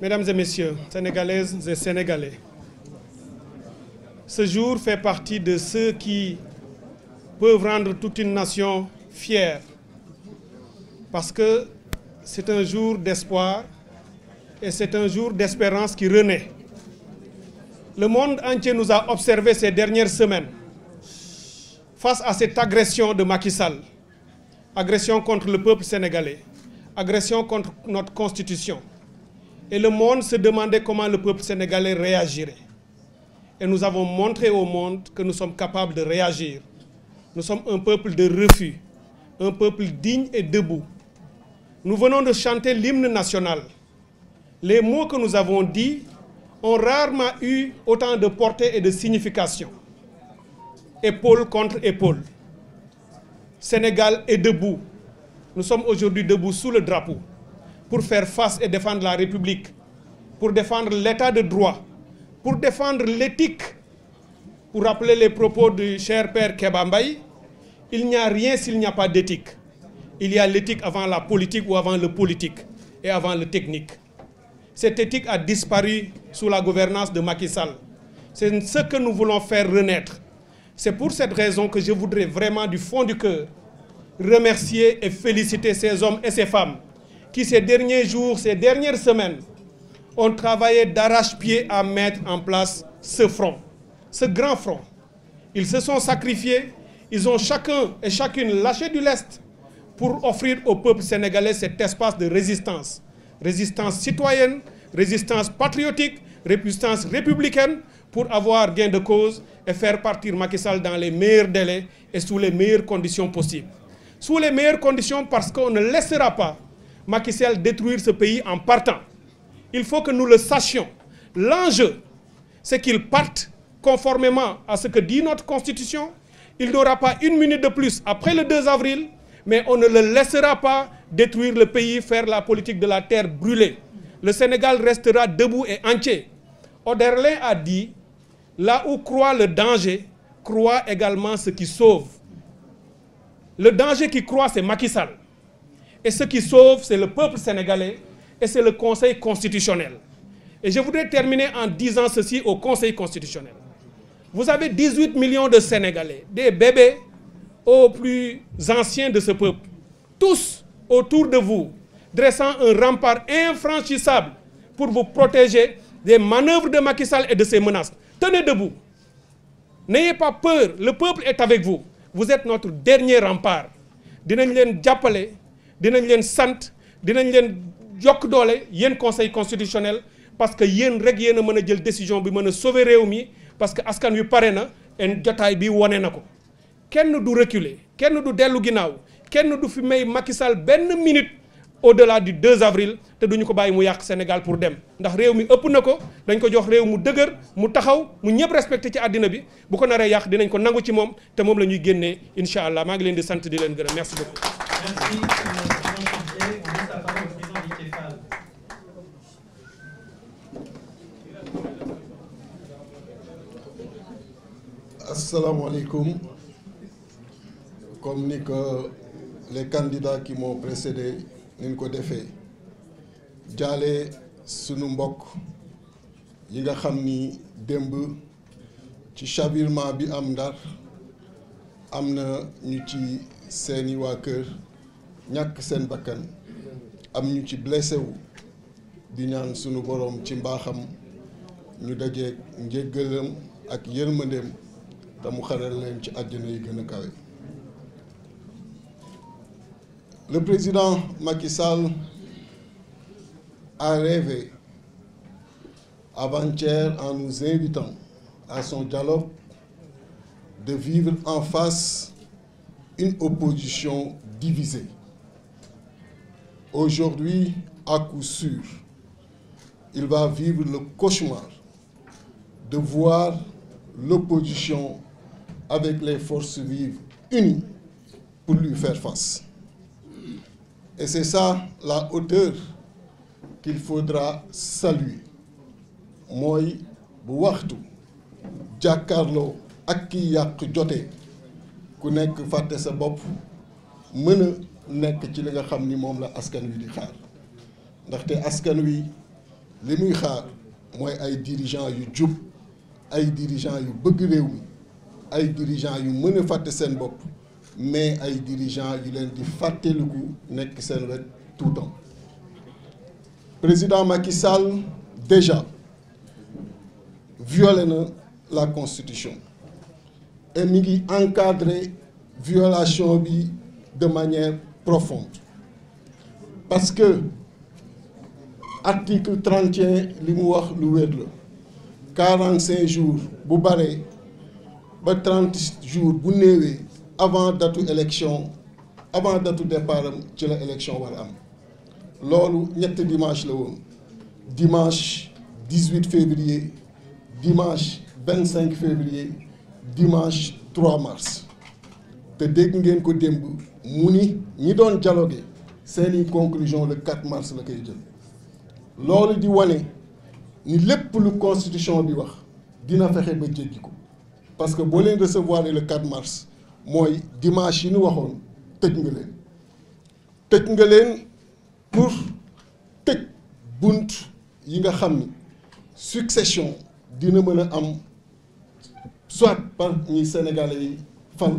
Mesdames et Messieurs, Sénégalaises et Sénégalais, ce jour fait partie de ceux qui peuvent rendre toute une nation fière parce que c'est un jour d'espoir et c'est un jour d'espérance qui renaît. Le monde entier nous a observés ces dernières semaines face à cette agression de Macky Sall, agression contre le peuple sénégalais, agression contre notre constitution, et le monde se demandait comment le peuple sénégalais réagirait. Et nous avons montré au monde que nous sommes capables de réagir. Nous sommes un peuple de refus, un peuple digne et debout. Nous venons de chanter l'hymne national. Les mots que nous avons dits ont rarement eu autant de portée et de signification. Épaule contre épaule. Sénégal est debout. Nous sommes aujourd'hui debout sous le drapeau pour faire face et défendre la République, pour défendre l'état de droit, pour défendre l'éthique. Pour rappeler les propos du cher père Kebambaï, il n'y a rien s'il n'y a pas d'éthique. Il y a l'éthique avant la politique ou avant le politique et avant le technique. Cette éthique a disparu sous la gouvernance de Macky Sall. C'est ce que nous voulons faire renaître. C'est pour cette raison que je voudrais vraiment du fond du cœur remercier et féliciter ces hommes et ces femmes qui ces derniers jours, ces dernières semaines, ont travaillé d'arrache-pied à mettre en place ce front, ce grand front. Ils se sont sacrifiés, ils ont chacun et chacune lâché du lest pour offrir au peuple sénégalais cet espace de résistance. Résistance citoyenne, résistance patriotique, résistance républicaine, pour avoir gain de cause et faire partir Macky Sall dans les meilleurs délais et sous les meilleures conditions possibles. Sous les meilleures conditions parce qu'on ne laissera pas Macky détruire ce pays en partant. Il faut que nous le sachions. L'enjeu, c'est qu'il parte conformément à ce que dit notre Constitution. Il n'aura pas une minute de plus après le 2 avril, mais on ne le laissera pas détruire le pays, faire la politique de la terre brûlée. Le Sénégal restera debout et entier. Oderlin a dit, là où croit le danger, croit également ce qui sauve. Le danger qui croit, c'est Macky et ce qui sauve, c'est le peuple sénégalais et c'est le Conseil constitutionnel. Et je voudrais terminer en disant ceci au Conseil constitutionnel. Vous avez 18 millions de Sénégalais, des bébés aux plus anciens de ce peuple, tous autour de vous, dressant un rempart infranchissable pour vous protéger des manœuvres de Macky Sall et de ses menaces. Tenez debout. N'ayez pas peur, le peuple est avec vous. Vous êtes notre dernier rempart. Dinañ len dinañ leen sant dinañ leen yokk doole yéen conseil constitutionnel parce que yéen rek yéen a mën a jël décision bi mën a sauver réew mi parce que askan wi pare na en jotaay bi wane na ko kenn du reculer kenn du dellu ginnaaw kenn du fi may Macky Sall benn minute au-delà du 2 avril te duñu ko bàyyi mu yàq Sénégal pour dem ndax réew mi ëpp na ko dañ ko jox réew mu dëgër mu taxaw mu ñëpp respecté ci àddina bi bu ko naree yàq dinañ ko nangu ci moom te moom la ñuy génnee incha allah maa ngi leen di sant di leen gërëm merci beaucoup Merci, Président Président Assalamu alaikum. Comme que les candidats qui m'ont précédé, nous ko fait. jaale Sunumbok, mbokk yi nga xam Amdar, amdar, ci nuti bi am ñàkk seen bakkan am ñu ci blessé wu di ñaan suñu borom ci mbaxam ñu dajee njéggalam ak yërmandeem te mu xaral leen ci àjjana yi gëna kawé le président Macky Sall a rêvé avant-hier en nous invitant à son dialogue de vivre en face une opposition divisée. Aujourd'hui, à coup sûr, il va vivre le cauchemar de voir l'opposition avec les forces vives unies pour lui faire face. Et c'est ça la hauteur qu'il faudra saluer Moi, bu waxtu jàkkaarloo ak ki yàq jotee nek ci li nga xam ni moom la askan wi di xaar ndaxte askan wi li muy xaar mooy ay dirigeants yu jub ay dirigeants yu bëgg réew mi ay dirigeants yu mën a fàtte seen bopp mais ay dirigeants yu leen di fàtteliku nekk seen wet tout temps président Macky Sall déjà violé na la constitution et mi ngi encadré violation bi de manière parce que article 31 45 jours 30 jours avant la élection avant d'être départ de l'élection. la élection war dimanche dimanche 18 février dimanche 25 février dimanche 3 mars te dégg ngeen ko démb mu ni ñi doon dialogué seeni conclusion le 4 mars la koy jël loolu di wane ni lépp lu constitution bi wax dina fexe ba jéggi ko parce que boo leen recevoir le 4 mars mooy dimanche yi ñu waxoon tëj nga leen tëj nga leen pour tëj bunt yi nga xam ni succession dina mën a am soit par ñi sénégalais yi fan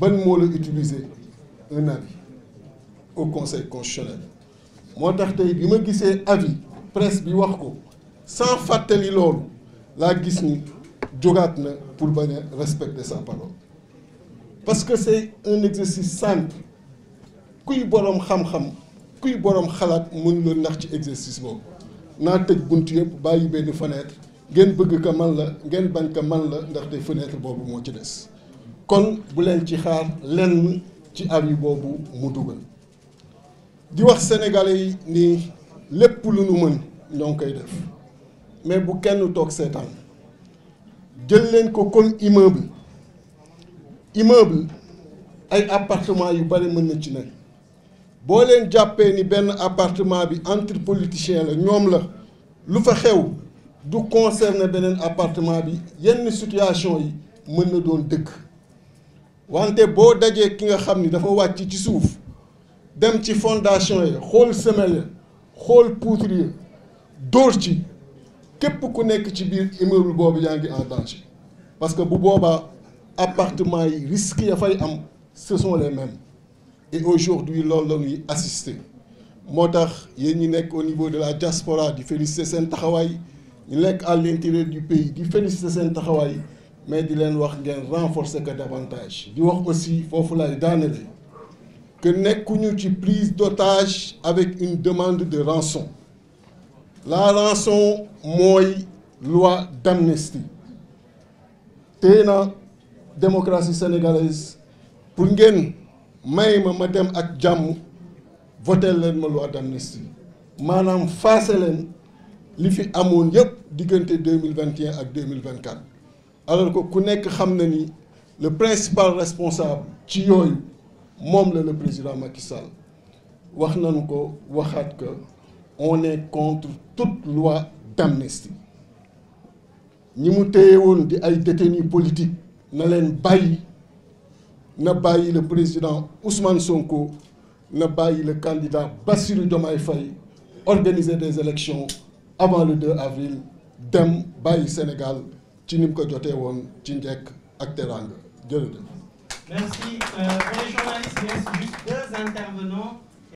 ban mot la utiliser un avis au conseil constitutionnel motax tay bima bi avis presse bi wax ko sans fatali loolu la gis ni jogat na pour bañ respecter sa parole parce que c'est un exercice simple kuy borom xam-xam kuy borom xalat mën lo nax ci exercice boobu na tej buntu yëpp bàyyi ben fenêtre ngeen bëgg ka man la ngeen bañ ka man la te fenêtre bobu mo ci dess kon bu len ci xaar len ci avis bobu mu dugal di wax sénégalais ni lepp lu nu mën ñoo koy def mais bu kenn tok sétan jël len ko comme immeuble immeuble ay appartement yu bari mën na ci nekk bo len jappé ni ben appartement bi entre politicien la ñom la lu fa xew du concerner benen appartement bi yenn situation yi mën na doon dëkk wante boo dajee ki nga xam ni dafa wàcc ci suuf dem ci fondation yi xool semelle ya xool poutre ya dóor ci képp ku nekk ci biir immeuble boobu yaa ngi en danger parce que bu boobaa appartement yi risque ya fay am ce sont les mêmes et aujourd'hui loolu la ñuy assister moo tax yéen ñi nekk au niveau de la diaspora di féliciter seen taxawaay ñi nekk à l'intérieur du pays di féliciter seen taxawaay mais di leen wax ngeen renforcer davantage di wax aussi foofu la que nekkuñu ci prise d'otage avec une demande de rançon la rançon mooy loi d'amnistie tey na démocratie sénégalaise pour ngeen may ma ma dem ak jàmm voter leen loi d'amnistie maanaam faase leen li fi amoon yëpp diggante 2021 ak alors que ku le principal responsable ci le président Macky Sall wax nañu ko on est contre toute loi d'amnistie ñi mu di ay détenus politiques na leen bàyyi na bàyyi le président Ousmane Sonko na bàyyi le candidat Bassirou Diomaye Faye organiser des élections avant le 2 avril dem bàyyi Sénégal ci nim ko jotee woon ci njekk ak teraanga jërëjëf. merci euh, pour les journalistes, il reste juste deux intervenants.